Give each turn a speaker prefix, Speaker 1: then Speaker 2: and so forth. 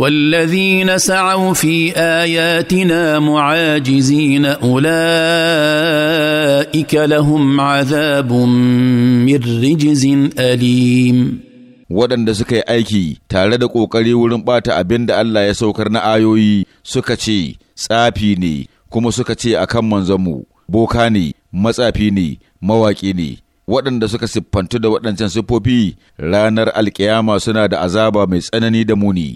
Speaker 1: والذين سعوا في اياتنا معاجزين اولئك لهم عذاب من
Speaker 2: رجز
Speaker 3: اليم waɗanda suka yi aiki tare da ƙoƙari wurin ɓata abin da Allah ya saukar na ayoyi suka ce tsafi ne kuma suka ce a kan manzanmu boka ne matsafi ne mawaƙi ne waɗanda suka siffantu da waɗancan siffofi ranar alkiyama suna da azaba mai tsanani da muni